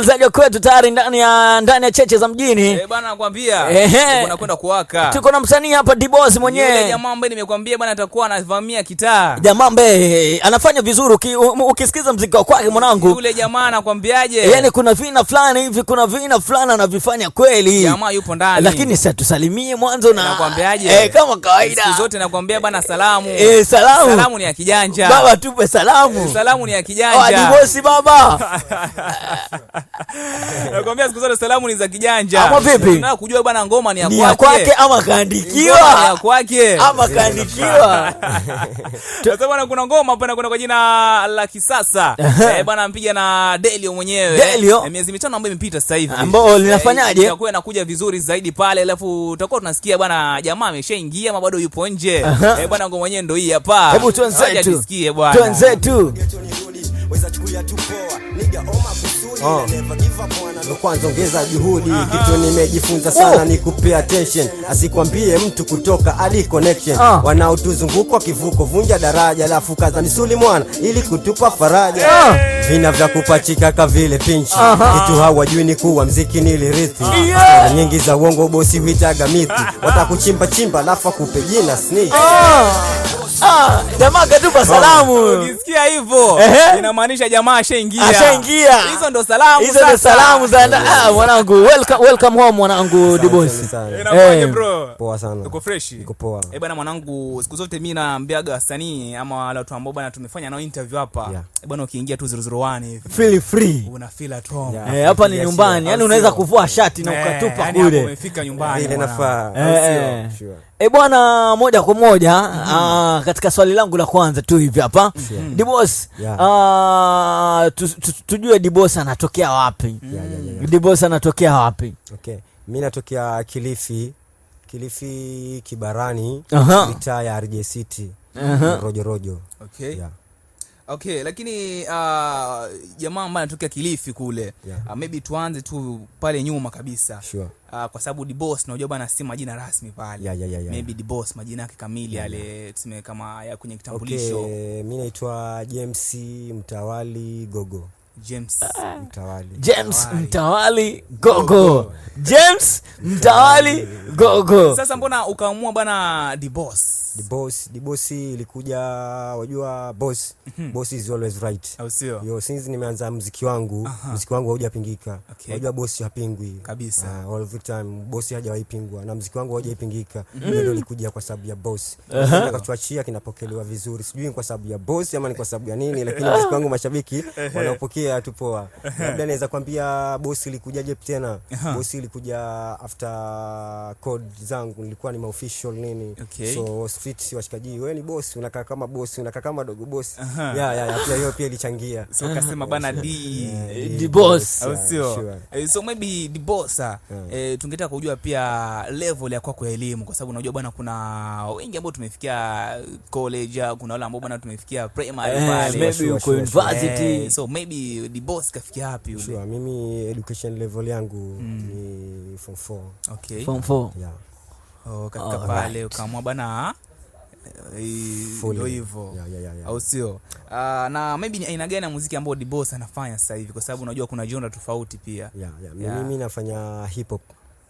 Msikilizaji kwetu tayari ndani ya ndani ya cheche za mjini. Eh, bwana nakwambia bwana kwenda kuwaka. Tuko na msanii hapa Diboss mwenyewe. Yule jamaa ambaye nimekwambia bwana atakuwa anavamia kitaa. Jamaa ambaye eh, anafanya vizuri uki, ukisikiza mziki wake mwanangu. Yule jamaa anakwambiaje? Eh, yaani kuna vina fulani hivi kuna vina fulani anavifanya kweli. Jamaa yupo ndani. Lakini sasa tusalimie mwanzo na nakwambiaje? Eh, kama kawaida. Siku zote nakwambia bwana salamu. Eh, salamu. Salamu ni ya kijanja. Baba tupe salamu. Salamu ni ya oh, kijanja. Diboss baba. Nakwambia siku zote salamu ni za kijanja. Ama vipi? Na kujua bwana ngoma ni ya kwake. Ni ya kwake ama kaandikiwa? Ni ya kwake. Ama kaandikiwa. Sasa bwana kuna ngoma hapa kuna kwa jina la kisasa. Eh, bwana mpiga na Delio mwenyewe. Delio. Eh, miezi mitano ambayo imepita sasa hivi. Ambao eh, linafanyaje? Itakuwa inakuja vizuri zaidi pale alafu tutakuwa tunasikia bwana jamaa ameshaingia ama bado yupo nje. Eh, bwana ngoma yenyewe ndio hii hapa. Hebu tuanze tu. Tuanze tu. Weza chukulia tu poa. Nigga, oma my uh. kwanza ongeza juhudi uh -huh. Kitu nimejifunza sana oh. ni kupay attention, asikwambie mtu kutoka ali connection uh. Wanaotuzunguka kivuko, vunja daraja, alafu kaza misuli mwana, ili kutupa faraja uh. Vina vya kupachika kavile pinchi uh -huh. Kitu hawajui ni kuwa mziki nilirithi uh. yeah. nyingi za uongo bosi huitaga mithi uh -huh. Watakuchimba chimba alafu akupe jina snitch uh. Ah, jamaa katupa salamu. Ukisikia hivyo inamaanisha jamaa ashaingia. Ashaingia. Hizo ndo salamu hizo salamu za ah, mwanangu welcome welcome home mwanangu Poa sana. Uko fresh? poa. Eh, bwana mwanangu, siku zote mimi naambiaga wasanii ama wale watu ambao bwana tumefanya nao interview hapa. Yeah. Eh, bwana ukiingia tu 001 hivi. Feel free. Una feel at home. Yeah. Eh, hapa ni nyumbani. Yaani unaweza kuvua shati na eh, ukatupa kule. umefika nyumbani. Ile Eh, sure. E bwana, moja kwa moja mm -hmm. uh, katika swali langu la kwanza tu hivi hapa mm -hmm. Dibos, yeah. uh, tujue Dibos ana anatokea wapi? mm. yeah, yeah, yeah. Dibos anatokea wapi? okay. Mi natokea Kilifi, Kilifi Kibarani, mitaa ya RJ City, rojorojo. okay. yeah. Okay, lakini uh, jamaa uh, ambaye anatokea Kilifi kule yeah. Uh, maybe tuanze tu pale nyuma kabisa sure. Uh, kwa sababu Dibos unajua bwana, si majina rasmi pale yeah, yeah, yeah, yeah. Maybe Dibos majina yake kamili yale yeah, yeah. Tuseme kama ya kwenye kitambulisho okay. Mi naitwa James Mtawali Gogo James Mtawali, James Mtawali gogo, James Mtawali gogo. Sasa mbona ukaamua bwana the boss? The boss, the boss ilikuja, wajua boss, mhm. boss is always right, au sio? Yo, since nimeanza muziki wangu, muziki wangu haujapingika. Wajua boss hapingwi kabisa, ah, all the time boss hajawahi pingwa na muziki wangu haujapingika. Mhm. Ndio nilikuja kwa sababu ya boss, nikachoachia kinapokelewa vizuri. Sijui ni kwa sababu ya boss ama ni kwa sababu ya nini, lakini muziki wangu mashabiki wanaopokea tumeongea tu poa. Labda naweza kwambia bosi likujaje tena. Bosi likuja after code zangu nilikuwa ni maofficial nini. Okay. So street washikaji, wewe ni bosi, unakaa kama bosi, unakaa kama dogo bosi. Ya ya ya pia hiyo pia ilichangia. So kasema bana D D boss, au sio? Eh, so maybe D boss. Ah, yeah. Eh, tungetaka kujua pia level ya kwako ya elimu kwa sababu unajua bana kuna wengi ambao tumefikia college, ah, kuna wale ambao bana tumefikia primary, eh, maybe uko university. Eh, so maybe wapi? Diboss kafikia wapi ule? Sure, mimi education level yangu mm. ni form 4. Okay. Form 4. Yeah. Oh, katika pale right. Ukaamua bana ah, eh, ndio hivyo au sio? Ah, na maybe ni aina gani ya muziki ambao Diboss anafanya sasa hivi, kwa sababu unajua kuna genre tofauti pia. Yeah, yeah. Yeah. Mimi nafanya hip hop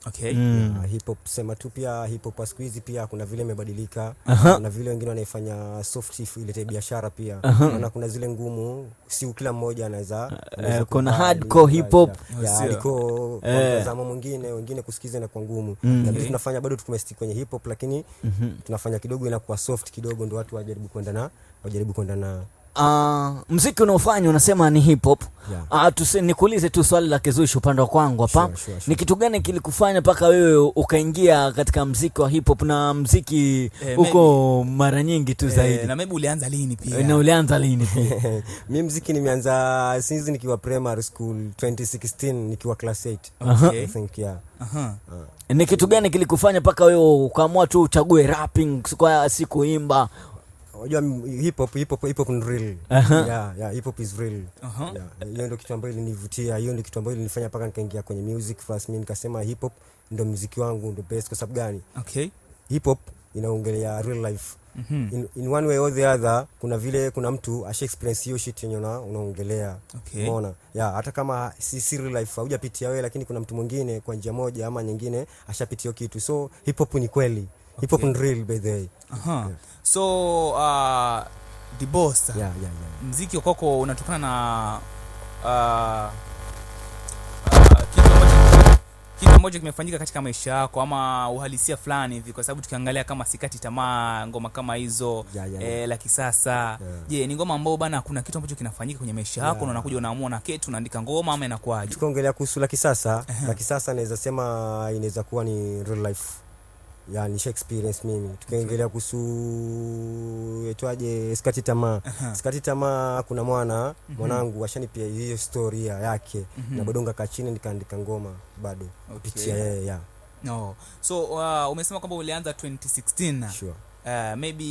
Okay. Mm. hip hop sema tu pia hip hop siku hizi pia kuna vile imebadilika uh -huh. na vile wengine wanaifanya soft ilete biashara pia uh -huh. na kuna zile ngumu, si kila mmoja anaweza eh, eh, kuna hardcore hip hop eh. mtazamo mwingine, wengine kusikiza inakuwa ngumu mm. na mm-hmm. tunafanya bado tukumestick kwenye hip hop, lakini mm -hmm. tunafanya kidogo inakuwa soft kidogo, ndio watu wajaribu kwenda na wajaribu kwenda na Uh, mziki unaofanya unasema ni hip hop yeah. Uh, nikuulize tu swali la kizushi upande wa kwangu hapa sure, sure, sure. Ni kitu gani kilikufanya mpaka wewe ukaingia katika mziki wa hip hop na mziki eh, uko maybe, mara nyingi tu eh, zaidi eh, na maybe ulianza lini pia eh, na ulianza lini pia mi mziki nimeanza since nikiwa primary school 2016 nikiwa class 8 okay. I uh-huh. think, yeah. Uh-huh. Uh. Ni kitu gani kilikufanya mpaka wewe ukaamua tu uchague rapping kwa siku imba unajua mm, hip hop hip hop hip hop ni real uh-huh. yeah yeah hip hop is real uh-huh. yeah hiyo ndio kitu ambacho ilinivutia hiyo ndio kitu ambacho ilinifanya paka nikaingia kwenye music first mimi nikasema hip hop ndio muziki wangu ndio best kwa sababu gani okay hip hop inaongelea real life Mm-hmm. In, in one way or the other kuna vile kuna mtu asha experience hiyo shit yenye una, unaongelea okay. Umeona yeah, hata kama si, si real life haujapitia wewe, lakini kuna mtu mwingine kwa njia moja ama nyingine ashapitia kitu, so hip hop ni kweli okay. Hip hop ni real by the way. Aha. Yeah. So uh, the boss yeah, yeah, yeah. Mziki wa unatokana na uh, uh, kitu ambacho kimefanyika katika maisha yako ama uhalisia fulani hivi, kwa sababu tukiangalia kama sikati tamaa, ngoma kama hizo yeah, yeah, e, la kisasa je, yeah. ni ngoma ambayo bana, kuna kitu ambacho kinafanyika kwenye maisha yako yeah. na unakuja unaamua na keti unaandika ngoma ama inakuwaje? Tukiongelea kuhusu la kisasa, la kisasa naweza sema inaweza kuwa ni real life ya nisha experience mimi tukaingelea kuhusu etwaje skati tamaa uh-huh. skati tamaa kuna mwana mm-hmm. mwanangu ashanipia hiyo storia yake mm-hmm. na bado ngakaa chini nikaandika ngoma bado okay. pitia yeye yeah. no. so uh, umesema kwamba ulianza 2016 sure uh, maybe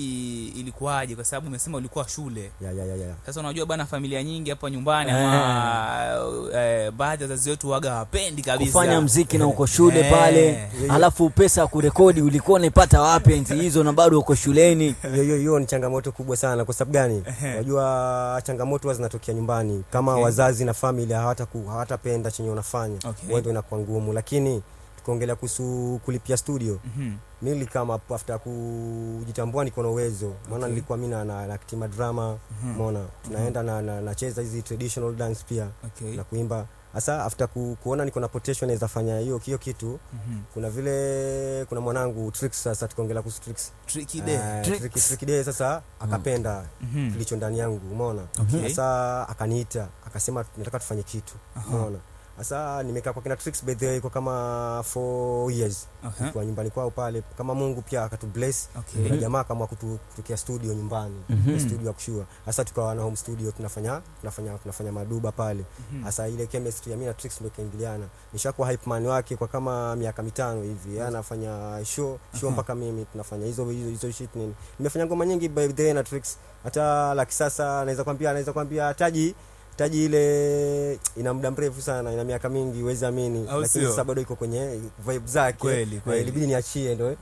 ilikuwaje kwa sababu umesema ulikuwa shule yeah, yeah, yeah. Sasa unajua bana, familia nyingi hapa nyumbani yeah. uh, eh, baadhi ya wazazi wetu waga wapendi kabisa kufanya mziki Na uko shule yeah. Pale yeah. Alafu pesa ya kurekodi ulikuwa unaipata wapi enzi hizo na bado uko shuleni? Hiyo hiyo ni changamoto kubwa sana. Kwa sababu gani? Eh. Unajua changamoto zinatokea nyumbani kama okay. Wazazi na familia hawatapenda hawata chenye unafanya okay. ndio inakuwa ngumu lakini tukaongelea kuhusu kulipia studio mm -hmm. mi nilikama afta kujitambua niko na uwezo maana okay. nilikuwa mi na, na, na kitima drama mm -hmm. mona tunaenda mm -hmm. na, na, hizi traditional dance pia okay. na kuimba hasa afta ku, kuona niko na potential naweza fanya hiyo hiyo kitu mm -hmm. kuna vile kuna mwanangu tricks sasa tukaongelea kuhusu tricks tricky eh, day uh, tricks. Tricky, tricky day sasa mhm. akapenda mhm. kilicho mm -hmm. ndani yangu umeona okay. sasa akaniita akasema nataka tufanye kitu umeona uh -huh sasa nimekaa kwa kina Trix way kwa kama 4 years. Okay. Kwa nyumbani kwao pale kama Mungu pia akatubless. Okay. Na jamaa kama kutukia studio nyumbani. Mm -hmm. Studio ya kushua. Sasa tukawa na home studio tunafanya tunafanya tunafanya maduba pale. Sasa mhm. mm -hmm. ile chemistry ya mimi na Trix ndio kaingiliana. Nishakuwa hype man wake kwa kama miaka mitano hivi. Yeye mhm. anafanya show, show okay. mpaka mimi tunafanya hizo hizo hizo shit nini. Nimefanya ngoma nyingi by the way na Trix. Hata la kisasa naweza kwambia naweza kwambia taji Taji ile ina muda mrefu sana, ina miaka mingi, huwezi amini, lakini sasa bado iko kwenye vibe zake. Eh, ilibidi niachie ndo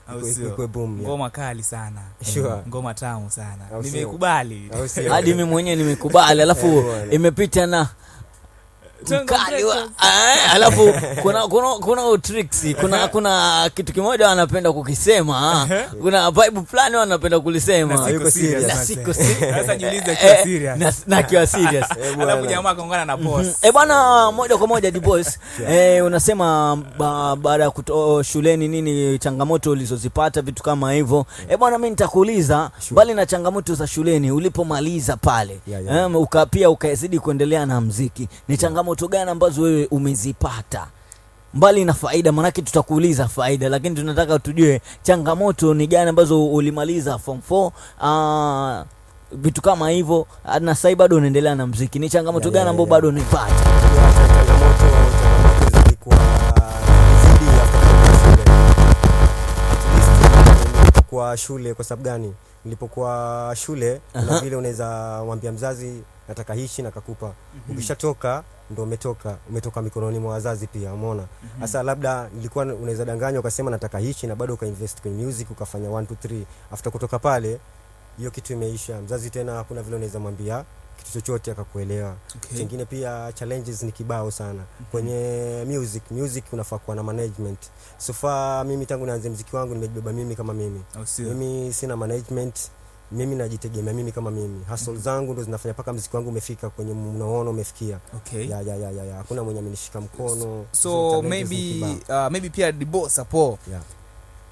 ikuwe boom. Ngoma kali sana, sure, eh, ngoma tamu sana, nimekubali hadi mimi mwenyewe nimekubali, alafu eh, imepita na Eh, alafu kuna, kuna, kuna tricks kuna, kuna kitu kimoja wanapenda kukisema uh-huh. kuna vibe fulani wanapenda kulisema na eh, kiwa serious na mm-hmm. eh bwana moja kwa moja dibos eh unasema baada ya kutoa oh, shuleni nini changamoto ulizozipata vitu kama hivyo eh bwana mimi nitakuuliza bali na changamoto za shuleni ulipomaliza pale eh, ukapia ukazidi kuendelea na muziki ni changamoto changamoto gani ambazo wewe umezipata mbali na faida, manake tutakuuliza faida, lakini tunataka tujue changamoto ni gani ambazo ulimaliza form 4 uh, ah, vitu kama hivyo, na sasa bado unaendelea na mziki, ni changamoto gani ambayo bado unaipata? Kwa shule, kwa sababu gani? Nilipokuwa shule, uh-huh. na vile unaweza mwambia mzazi nataka hichi hmm ukishatoka ndo umetoka umetoka mikononi mwa wazazi pia, umeona mhm. sasa. mm -hmm. Labda nilikuwa unaweza danganywa ukasema nataka hichi na bado ukainvest kwenye music ukafanya 1 2 3, after kutoka pale hiyo kitu imeisha, mzazi tena hakuna vile unaweza mwambia kitu chochote akakuelewa. Okay. Chengine pia challenges ni kibao sana mm -hmm. Kwenye music music unafaa kuwa na management. So far mimi tangu nianze mziki wangu nimejibeba mimi kama mimi. Oh, mimi sina management mimi najitegemea mimi kama mimi hasol mm mm-hmm. zangu ndo zinafanya mpaka mziki wangu umefika kwenye unaona umefikia okay. ya, ya, ya, ya, ya. hakuna mwenye amenishika mkono so, so maybe, uh, maybe pia dibosa po yeah.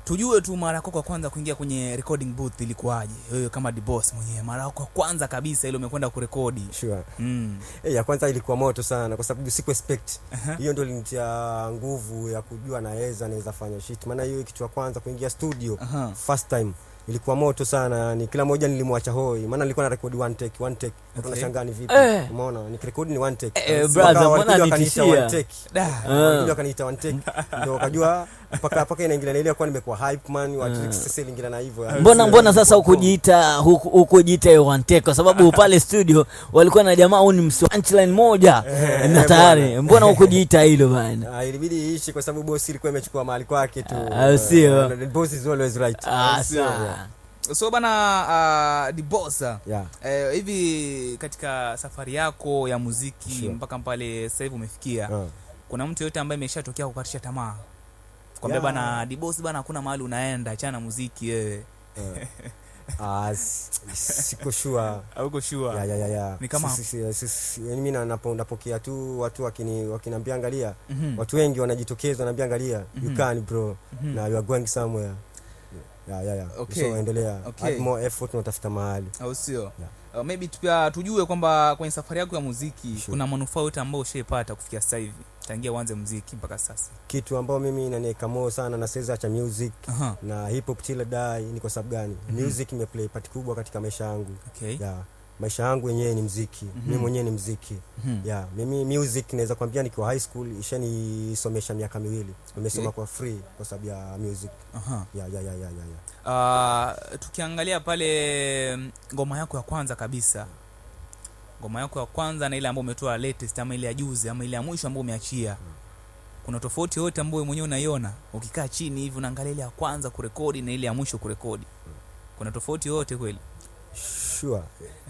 tujue tu mara yako kwa kwanza kuingia kwenye recording booth ilikuwaje wewe kama diboss mwenyewe mara yako kwa kwanza kabisa ile umekwenda kurekodi sure. mm. hey, eh, ya kwanza ilikuwa moto sana kwa sababu siku expect hiyo uh-huh. hiyo ndio ilinitia nguvu ya kujua naweza naweza fanya shit maana hiyo kitu ya kwanza kuingia studio uh-huh. first time ilikuwa moto sana yani, kila moja nilimwacha hoi, maana nilikuwa na record one take, one take tunashangani eh. vipi? Eh. Umeona, nikirekodi ni one take. Eh, eh brother, mbona nitishia Ndio ah. one take, ndio mpaka mpaka na ile kwa nimekuwa hype man wa ah. sasa inaingia na hivyo. Mbona mbona sasa hukujiita hukujiita one take kwa sababu pale studio walikuwa na jamaa au ni punchline moja na tayari. Mbona hukujiita hilo bana? Ah, ilibidi iishi kwa sababu boss ilikuwa imechukua mahali kwake tu. Sio. Boss is always right. Ah, sio. So bana, uh, ah, Dibosa ah. yeah. Eh, hivi katika safari yako ya muziki sure. mpaka pale sasa hivi umefikia uh. kuna mtu yoyote ambaye imeshatokea kukatisha tamaa kwambia, yeah. bana Dibosi bana, hakuna mahali unaenda, achana na muziki wewe eh. uh. siko shua auko shua ya, ya, ya, ya. ni kama yaani mimi napokea tu watu wakini wakiniambia angalia, mm -hmm. watu wengi wanajitokeza wanaambia angalia, mm -hmm. you mhm. can bro mm -hmm. na you are going somewhere yeah, yeah, yeah. mahali au sio? yeah. Uh, maybe pia tujue kwamba kwenye safari yako ya muziki sure. kuna manufaa yote ambayo ushaipata kufikia sasa hivi tangia uanze muziki mpaka sasa? Kitu ambayo mimi inaniweka moyo sana na siwezi acha music uh -huh. na hip hop till ni kwa sababu gani? mm -hmm. Music imeplay part kubwa katika maisha yangu okay. yeah maisha yangu yenyewe ni mziki mm -hmm. mi mhm. mwenyewe ni mziki mm -hmm. yeah, mimi music naweza kuambia nikiwa high school ishanisomesha miaka miwili imesoma okay. Eh. kwa free kwa sababu ya music ah, tukiangalia pale mm, ngoma yako ya kwanza kabisa ngoma yako ya kwanza na ile ambayo umetoa latest ama ile ya juzi ama ile ya mwisho ambayo umeachia hmm. kuna tofauti yoyote ambayo mwenyewe unaiona ukikaa chini hivi unaangalia ile ya kwanza kurekodi na ile ya mwisho kurekodi hmm. kuna tofauti yoyote kweli Sure.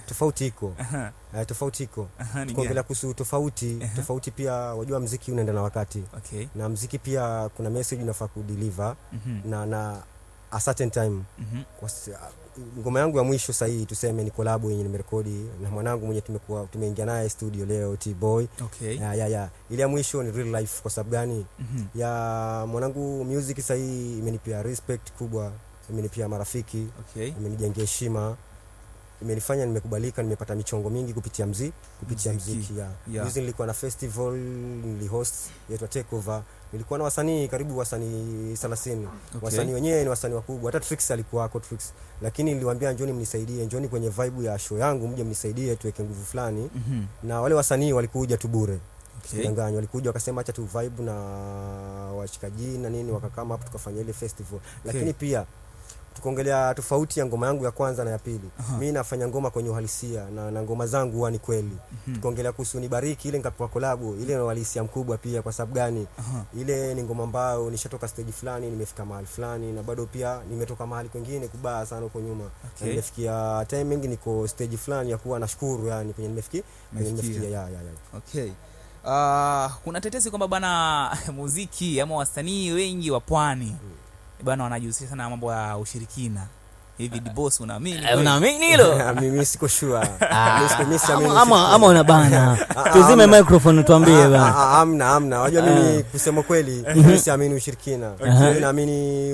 Tofauti iko uh, tofauti iko kuongelea kuhusu tofauti uh -huh. Tofauti pia wajua, mziki unaenda na wakati okay. Na mziki pia kuna message unafaa kudeliver mm -hmm. na, na a certain time mm -hmm. Kwa, ngoma yangu ya mwisho sahihi tuseme ni kolabu yenye nimerekodi na mwanangu mwenye tumekuwa tumeingia naye studio leo T-Boy. Okay. Ya, ya, ya. Ile ya mwisho ni real life kwa sababu gani? mm -hmm. Ya mwanangu music sahihi imenipia respect kubwa, imenipia marafiki okay. Imenijengea heshima imenifanya nimekubalika, nimepata michongo mingi kupitia mziki, kupitia mziki, ya yeah. Yeah. Juzi nilikuwa na festival nilihost yaitwa take over, nilikuwa na wasanii karibu wasanii 30 okay. Wasanii wenyewe ni wasanii wakubwa, hata Trix alikuwa hapo Trix, lakini niliwaambia njoni mnisaidie, njoni kwenye vibe ya show yangu mje mnisaidie tuweke nguvu fulani mm -hmm. Na wale wasanii walikuja tu bure Kidanganywa okay. Walikuja wakasema acha tu vibe na washikaji na nini, wakakama hapo tukafanya ile festival okay. Lakini pia tukiongelea tofauti ya ngoma yangu ya kwanza na ya pili, uh-huh. mi nafanya ngoma kwenye uhalisia na, na ngoma zangu huwa ni kweli. uh-huh. Mhm. Tukiongelea kuhusu ni bariki ile nikatoka kolabu ile na uhalisia mkubwa pia. Kwa sababu gani? uh-huh. ile ni ngoma ambayo nishatoka stage fulani, nimefika mahali fulani, na bado pia nimetoka mahali kwengine kubaya sana huko nyuma. okay. Nimefikia timing, niko stage fulani ya kuwa nashukuru, yani kwenye nimefikia, nimefikia ya, ya, ya. Okay. Uh, kuna tetesi kwamba bana muziki ama wasanii wengi wa pwani mm bana wanajihusisha sana na mambo ya ushirikina hivi unaamini eh, unaamini ah, tuzime microphone tuambie ah, ah, mimi eh. kusema kweli mhm. siamini ushirikina naamini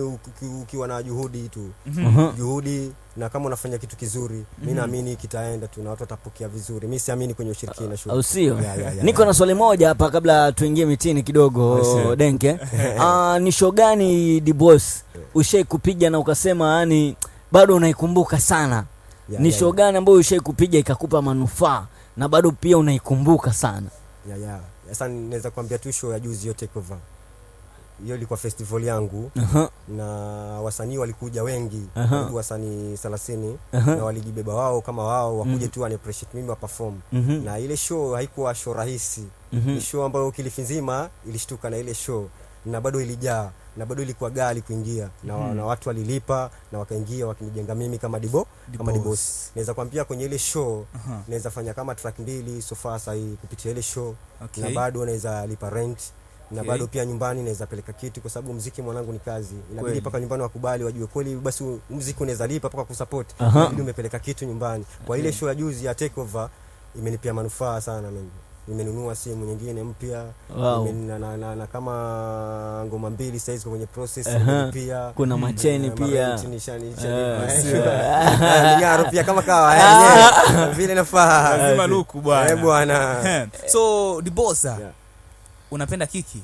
ukiwa na juhudi tu mhm. juhudi mhm. na kama unafanya kitu kizuri mi naamini kitaenda tu na watu watapokea vizuri mi siamini kwenye ushirikina sio yeah, yeah, yeah, niko na swali moja hapa kabla tuingie mitini kidogo denke uh, ni gani dibos eh. ushai kupiga na ukasema yani bado unaikumbuka sana yeah, ni yeah, show gani ambayo ushai kupiga ikakupa manufaa na bado pia unaikumbuka sana yeah, yeah. Sasa naweza kuambia tu show ya juzi yote cover hiyo ilikuwa festival yangu uh -huh. na wasanii walikuja wengi uh -huh. wasanii thelathini uh -huh. na walijibeba wao kama wao wakuje mm -hmm. tu appreciate mimi perform mm -hmm. na ile show haikuwa show rahisi mm -hmm. ni show ambayo kilifi nzima ilishtuka na ile show na bado ilijaa na bado ilikuwa gali kuingia na, mm. na watu walilipa na wakaingia wakinijenga mimi kama dibo Dibos. kama dibosi naweza kuambia kwenye ile show uh -huh. naweza fanya kama track mbili so far sasa hii kupitia ile show okay. na bado naweza lipa rent na okay. bado pia nyumbani naweza peleka kitu kwa sababu muziki mwanangu ni kazi, inabidi paka nyumbani wakubali, wajue kweli basi muziki unaweza lipa mpaka kusupport, inabidi umepeleka kitu nyumbani. Kwa ile show ya juzi ya takeover imenipia manufaa sana mimi nimenunua simu nyingine mpya wow. na, na, na, na kama ngoma mbili saizi kwenye process uh-huh. pia kuna macheni eh, pia ngaro eh, eh, pia kama kawa ah. vile nafaa lazima luku bwana so dibosa yeah. unapenda kiki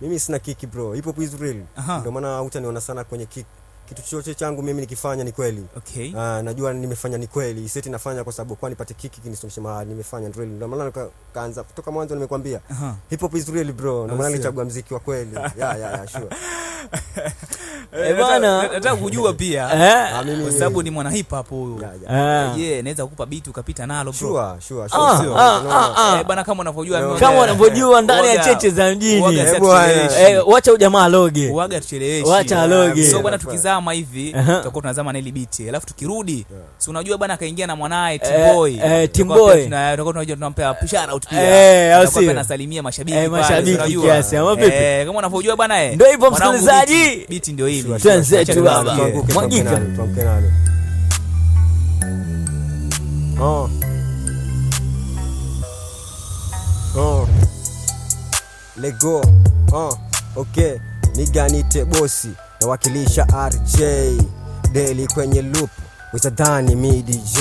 mimi sina kiki bro ipo kuisrael is real ndio maana hutaniona sana kwenye kiki kitu chochote changu mimi nikifanya ni kweli. Okay. Aa, ah, najua nimefanya ni kweli. Seti nafanya kwa sababu kwa nipate kiki kinisongeshe mahali nimefanya ndio ndio maana nikaanza kutoka mwanzo nimekwambia. Uh -huh. Hip hop is real bro. Ndio maana nilichagua muziki wa kweli. ya ya ya sure. Eh, eh bwana nataka kujua pia eh? ah, kwa sababu ni mwana hip hop huyu. Ah. Eh, yeah, naweza kukupa beat ukapita nalo bro. Sure, sure, sure. Ah, ah, Eh, bwana kama unavyojua kama unavyojua ndani ya cheche za mjini. Eh, wacha ujamaa aloge. Uaga tucheleweshi. Wacha aloge. So bwana tukizaa tunazama hivi tutakuwa tunazama na ile beat, alafu tukirudi, si unajua bwana akaingia na mwanae eh, Timboy, eh, Timboy tunakuwa tunajua tunampea eh, shout out pia, eh, au si tunasalimia mashabiki pale, mashabiki kiasi ama vipi? Eh, kama unavyojua bwana, eh, ndio hivyo msikilizaji, beat ndio hivi tuanze tu baba mwangika Oh. Oh. oh. let go Oh. Okay. Niganite bosi nawakilisha RJ Daily kwenye loop wizadhani mi DJ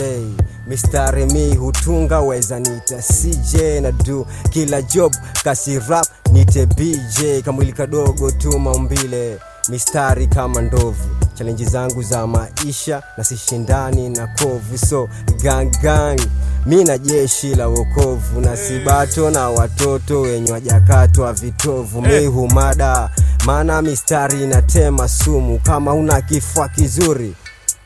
mistari mi hutunga weza nita CJ na du kila job kasi rap nite BJ kamwili kadogo tu maumbile mistari kama ndovu chalenji zangu za maisha na sishindani na kovu so gang mi na jeshi la wokovu na sibato na watoto wenye wajakatwa vitovu mi eh. humada maana mistari inatema sumu. Kama una kifua kizuri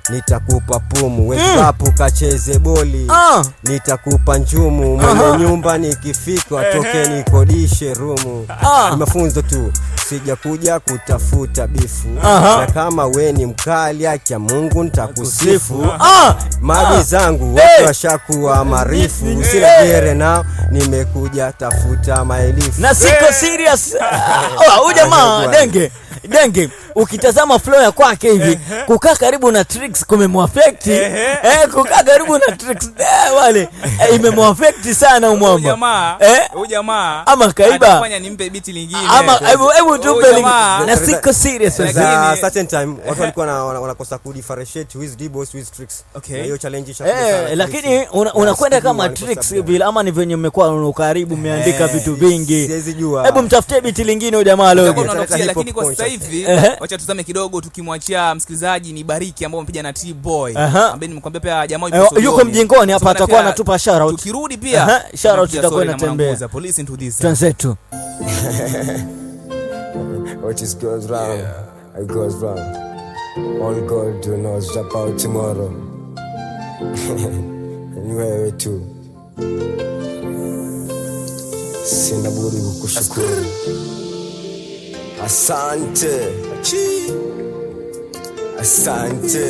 Nitakupa pumu wezapu mm. Kacheze boli uh. Nitakupa njumu mwenye uh -huh. Nyumba nikifika atoke nikodishe rumu uh. Mafunzo tu sijakuja kutafuta bifu uh -huh. Na kama we ni mkali acha Mungu ntakusifu uh -huh. Ah. Maji zangu watu Washakuwa marifu sina gere nao nimekuja tafuta maelifu na siko serious oh, huyu jamaa denge denge, ukitazama flow ya kwake hivi kukaa karibu na trigger Trix kumemwafect eh, kukaa karibu na eh, wale eh, imemwafect sana umwamba eh, jamaa ama kaiba nimpe lingine hebu tupe na siko serious za certain time watu walikuwa wanakosa ku differentiate D-Boss hiyo challenge eh, lakini unakwenda kama ama ni venye mmekuwa ukaribu, mmeandika eh, vitu vingi, siwezi jua. Hebu mtafutie biti lingine huyu jamaa leo, lakini kwa sasa hivi tuzame kidogo, tukimwachia msikilizaji ni Bariki ambao amepiga pamoja na T-Boy ambaye nimekuambia pia jamaa eh, yuko yuko mjengoni hapa, atakuwa anatupa shout out. Tukirudi pia shout out tutakuwa inatembea. Listen to this. Tanzetu. What is goes round, it goes round. All God knows about tomorrow. Ni wewe tu. Sina budi kukushukuru. Asante. Chi. Asante.